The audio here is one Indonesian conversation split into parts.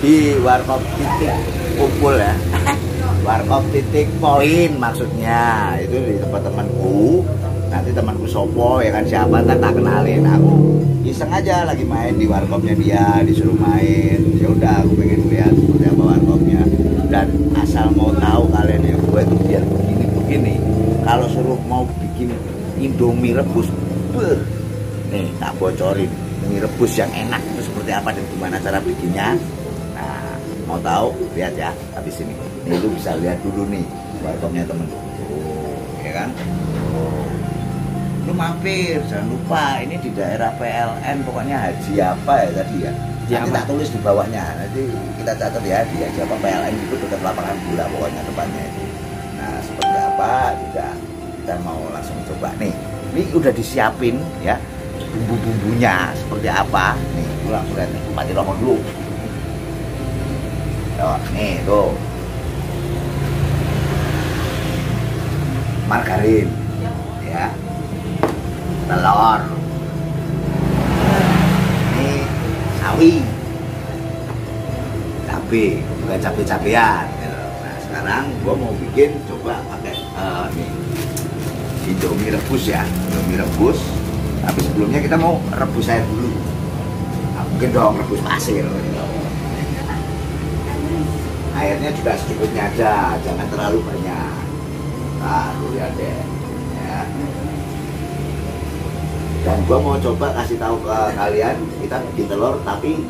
di warkop titik kumpul ya warkop titik poin maksudnya itu di tempat temanku nanti temanku sopo ya kan siapa kan tak kenalin aku iseng aja lagi main di warkopnya dia disuruh main ya udah aku pengen lihat seperti apa warkopnya dan asal mau tahu kalian ya gue tuh biar begini begini kalau suruh mau bikin indomie rebus beuh. nih tak bocorin mie rebus yang enak itu seperti apa dan gimana cara bikinnya mau tahu lihat ya habis ini ini lu bisa lihat dulu nih balkonnya temen oh ya kan oh lu mampir jangan lupa ini di daerah PLN pokoknya haji apa ya tadi ya Ya, kita tak tulis di bawahnya nanti kita catat ya di haji apa PLN itu dekat lapangan bola pokoknya tempatnya itu nah seperti apa juga kita mau langsung coba nih ini udah disiapin ya bumbu-bumbunya seperti apa nih pulang pulang nih mati rokok dulu tuh, nih tuh margarin ya telur ini sawi cabe bukan cabe cabean gitu. nah sekarang gua mau bikin coba pakai uh, eh, nih indomie rebus ya indomie rebus tapi sebelumnya kita mau rebus air dulu nah, mungkin dong rebus pasir gitu airnya juga sedikitnya aja jangan terlalu banyak nah ya deh ya. dan gua mau coba kasih tahu ke kalian kita bikin telur tapi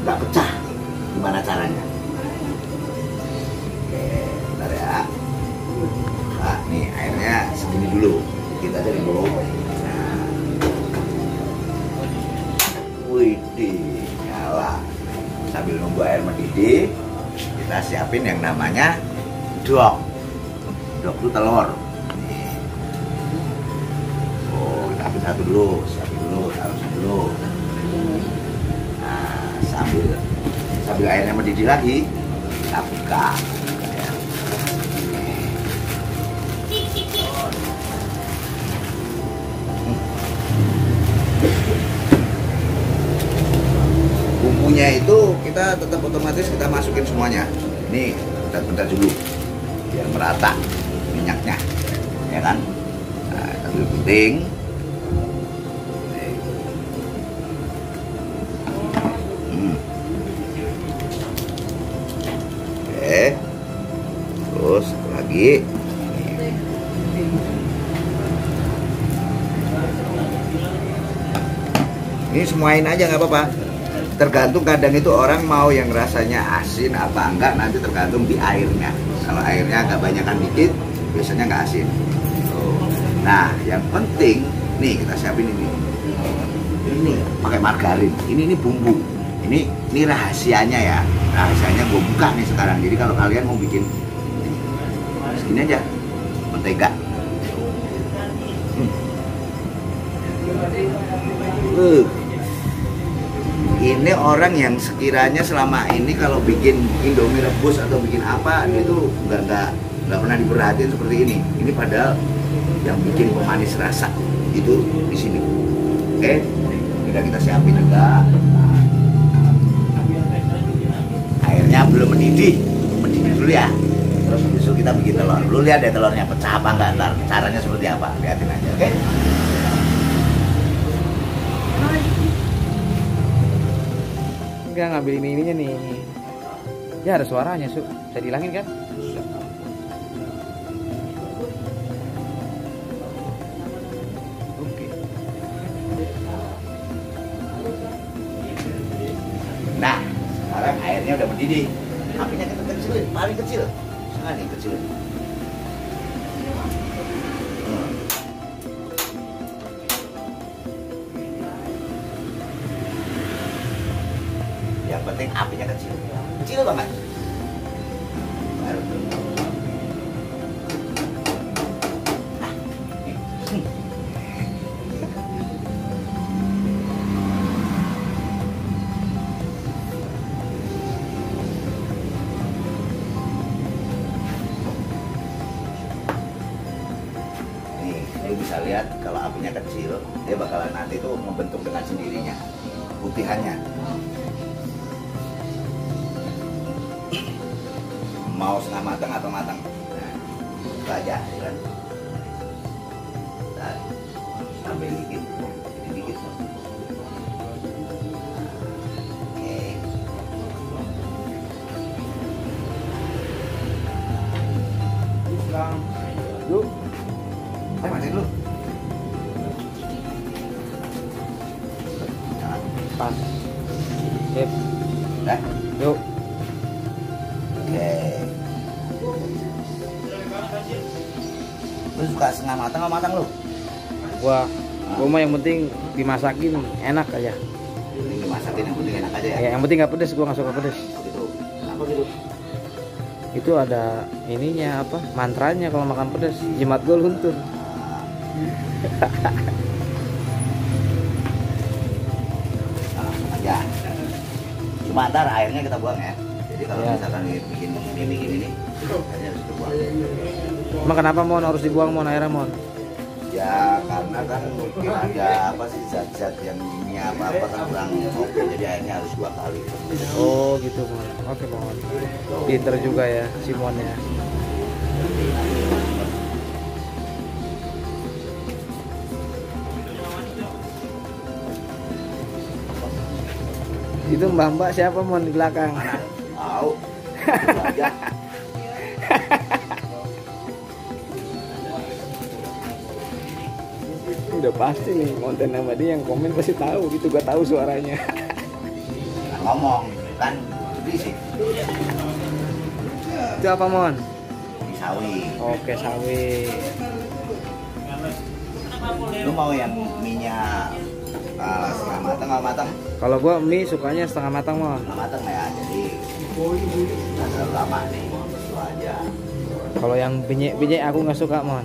nggak pecah gimana caranya oke bentar ya nah, nih airnya segini dulu kita dari dulu. nah. wih nyala sambil nunggu air mendidih kita siapin yang namanya dok dok itu telur oh kita ambil satu dulu satu dulu satu dulu nah sambil sambil airnya mendidih lagi kita buka bumbunya itu tetap otomatis kita masukin semuanya ini bentar-bentar dulu biar merata minyaknya ya kan nah, sambil puting hmm. terus lagi ini semuain aja nggak apa-apa tergantung kadang itu orang mau yang rasanya asin apa enggak nanti tergantung di airnya kalau airnya agak banyakan dikit biasanya nggak asin nah yang penting nih kita siapin ini ini pakai margarin ini ini bumbu ini ini rahasianya ya rahasianya gue buka nih sekarang jadi kalau kalian mau bikin segini aja mentega hmm. Eh ini orang yang sekiranya selama ini kalau bikin indomie rebus atau bikin apa itu nggak nggak nggak pernah diperhatiin seperti ini ini padahal yang bikin pemanis rasa itu di sini oke okay? sudah kita siapin juga nah, airnya belum mendidih mendidih dulu ya terus besok kita bikin telur lu lihat deh telurnya pecah apa enggak ntar caranya seperti apa Lihatin aja oke okay? nggak ngambil ini ininya nih ya ada suaranya su bisa dihilangin kan oke nah sekarang airnya udah mendidih apinya kita kan kecil paling kecil sangat kecil penting apinya kecil kecil banget baru ah. bisa lihat kalau apinya kecil dia bakalan nanti tuh membentuk dengan sendirinya putihannya matang atau matang nah itu aja kan lu suka setengah matang atau matang lu gua gua mah yang penting dimasakin enak aja dimasakin yang penting enak aja ya, ya yang penting nggak pedes gua nggak suka pedes gitu apa gitu itu ada ininya apa mantranya kalau makan pedes jimat gua luntur ya, cuma ntar airnya kita buang ya jadi kalau ya. misalkan bikin bikin ini, bikin ini Emang kenapa mon harus dibuang mon airnya mon? Ya karena kan mungkin ada apa sih zat-zat yang ini apa apa kan kurang oke jadi airnya harus dua kali. Oh gitu mon. Oke mon. Pinter juga ya mon ya. Itu mbak-mbak siapa mon di belakang? Tahu. udah pasti nih konten nama dia yang komen pasti tahu gitu gue tahu suaranya ngomong kan berisik itu apa mon sawi oke sawi lu mau yang minyak uh, eh, setengah matang atau matang kalau gua mie sukanya setengah matang mon setengah matang ya jadi nggak lama nih itu aja kalau yang binyek binyek aku nggak suka mon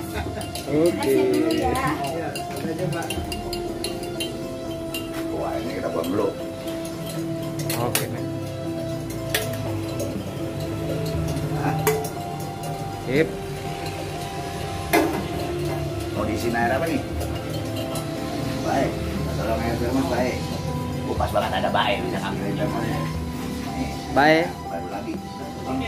Oke. Ya. Iya, Wah ini kita buat dulu. Oke men. Sip. Mau diisiin air apa nih? Baik. Kalau air berapa baik. Gue pas banget ada baik bisa ambilin lemon ya. Baik. Baru lagi. Ini,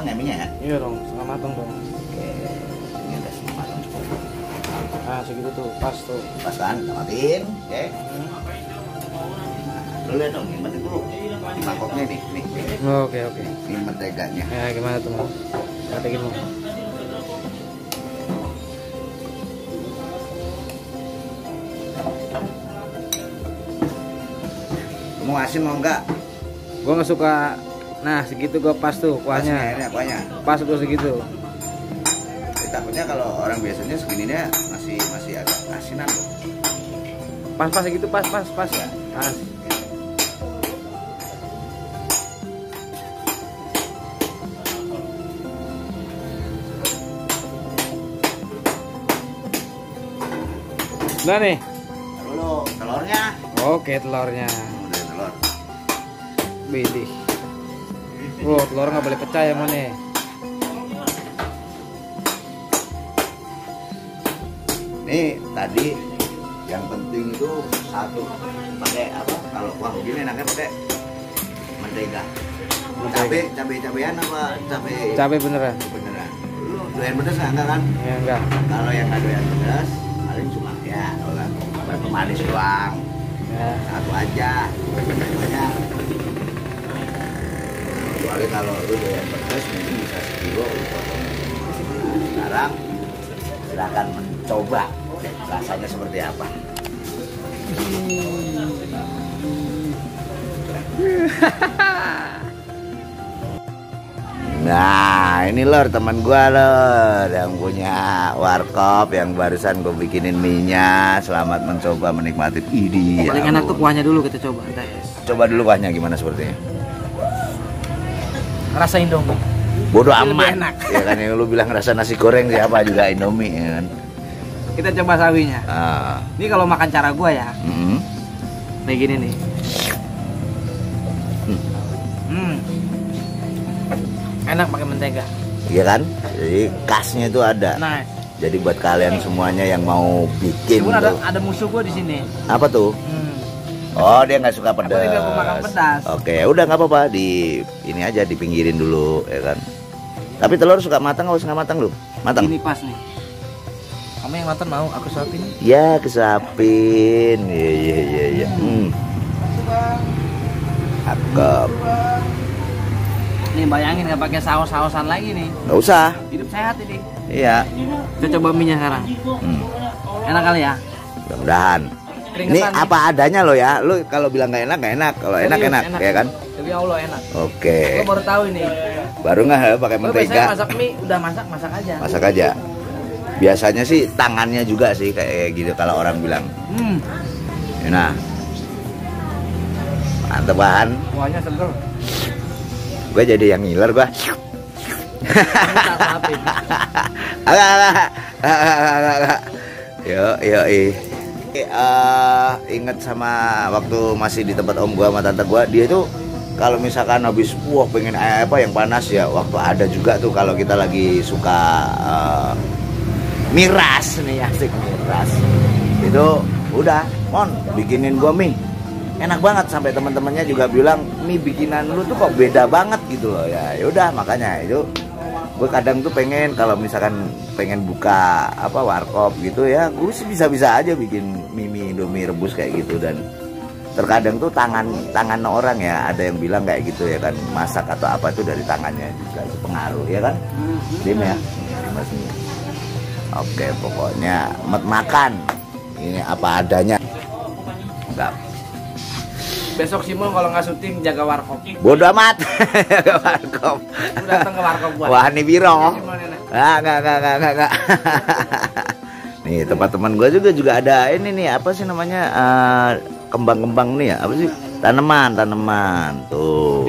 matang ya minyak ya? Iya dong, setengah matang dong. Oke, ini udah setengah matang cukup. Nah segitu tuh, pas tuh. Pas kan, tamatin, oke. Lu lihat dong, nikmat dulu. di mangkoknya nih, nih. Oke oh, oke. Okay, okay. Ini menteganya. Ya gimana tuh? Kategin mau. Mau asin mau enggak? Gue nggak suka nah segitu gue pas tuh kuahnya pas, kuahnya. pas tuh segitu takutnya kalau orang biasanya segininya masih masih agak asinan loh pas pas segitu pas pas pas ya pas Nah nih. Telur, telurnya. Oke, telurnya. Udah telur. Bidih. Bro, telur nggak boleh pecah ya mana? Ya? Nih tadi yang penting itu satu pakai apa? Kalau kuah begini enaknya pakai mentega. Cabe, cabe cabean apa cabe? Cabe beneran. Beneran. Lu doyan pedas enggak kan? Ya, enggak. Kalau yang nggak doyan pedas, paling cuma ya orang pemanis doang. Ya. Satu aja. Banyak kecuali kalau lu yang pedas mungkin bisa sekilo lu potong sekarang silahkan mencoba rasanya seperti apa Nah ini lor teman gue lor Yang punya warkop Yang barusan gue bikinin minyak Selamat mencoba menikmati Ini Paling enak tuh kuahnya dulu kita coba Coba dulu kuahnya gimana sepertinya rasa Indomie bodoh amat enak. ya kan yang lu bilang rasa nasi goreng siapa juga Indomie ya kan kita coba sawinya uh. ini kalau makan cara gua ya mm -hmm. kayak gini nih hmm. hmm. enak pakai mentega iya kan jadi khasnya itu ada nah jadi buat kalian semuanya yang mau bikin Cuman ada, ada musuh gue di sini apa tuh hmm Oh dia nggak suka pedas. Aku tidak makan pedas. Oke udah nggak apa-apa di ini aja di pinggirin dulu ya kan. Tapi telur suka matang atau nggak matang lu? Matang. Ini pas nih. Kamu yang matang mau aku suapin? Ya kesuapin. Iya iya iya iya. Hmm. hmm. Cakep. Nih bayangin nggak pakai saus-sausan lagi nih. Nggak usah. Hidup sehat ini. Iya. Kita coba minyak sekarang. Hmm. Enak kali ya? Mudah-mudahan. Ini apa adanya lo ya. lo kalau bilang nggak enak nggak enak. Kalau enak, enak enak ya kan. Tapi Allah enak. Oke. Okay. baru tahu ini. Baru nggak eh, pakai mentega. Masak mie udah masak masak aja. Masak aja. Biasanya sih tangannya juga sih kayak gitu kalau orang bilang. Hmm. Nah. Mantep bahan. Buahnya seger. Gue jadi yang ngiler gue. Hahaha. agak Yo yo ih uh, eh, inget sama waktu masih di tempat om gua sama tante gua dia itu kalau misalkan habis wah pengen apa yang panas ya waktu ada juga tuh kalau kita lagi suka uh, miras nih asik miras itu udah mon bikinin gua mie enak banget sampai teman-temannya juga bilang mie bikinan lu tuh kok beda banget gitu loh ya ya udah makanya itu gue kadang tuh pengen kalau misalkan pengen buka apa warkop gitu ya gue sih bisa-bisa aja bikin mimi indomie rebus kayak gitu dan terkadang tuh tangan tangan orang ya ada yang bilang kayak gitu ya kan masak atau apa itu dari tangannya juga pengaruh ya kan hmm. dim ya oke pokoknya mat makan ini apa adanya enggak Besok sih mau kalau nggak syuting jaga warkop. Bodoh amat. jaga warkop. datang ke warkop gua. Wah, ini biro. Iya, ah, enggak enggak enggak enggak enggak. nih, tempat teman gua juga juga ada ini nih, apa sih namanya? Eh, kembang-kembang uh, nih ya, apa sih? Tanaman, tanaman. Tuh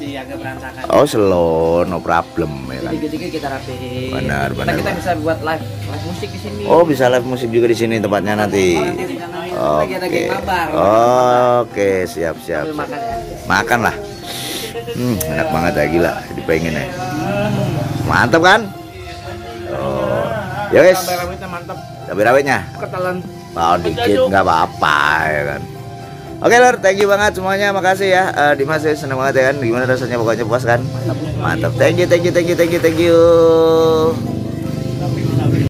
masih agak berantakan. Oh slow, no problem ya kan. Tiga-tiga kita rapihin. Benar, benar. Kita, kita bisa buat live live musik di sini. Oh bisa live musik juga di sini tempatnya nanti. Oke. Okay. Oke, okay. siap siap. Makan, ya. makan lah. Hmm, enak banget ya gila, dipengen ya. Mantap kan? Oh. Ya wes. Cabai rawitnya mantap. Cabai rawitnya. Ketelan. Mau dikit nggak apa-apa ya kan. Oke okay, Lur, thank you banget semuanya, makasih ya. Uh, Dimas saya senang banget ya kan. Gimana rasanya pokoknya puas kan? Mantap. Thank you, thank you, thank you, thank you, thank you.